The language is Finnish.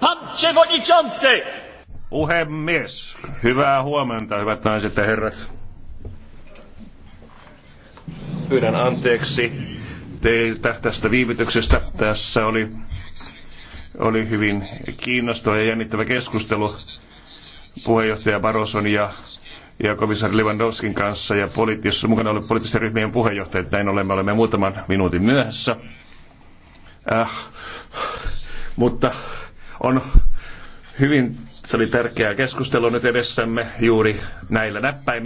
Pan przewodniczący! Puhemies. Hyvää huomenta, hyvät naiset ja herrat. Pyydän anteeksi teiltä tästä viivytyksestä. Tässä oli, oli hyvin kiinnostava ja jännittävä keskustelu puheenjohtaja Baroson ja ja komissaari Lewandowskin kanssa ja poliittis, mukana oli poliittisten ryhmien puheenjohtajat. Näin olemme, olemme muutaman minuutin myöhässä. Äh, mutta on hyvin, se oli tärkeä keskustelu nyt edessämme juuri näillä näppäimillä.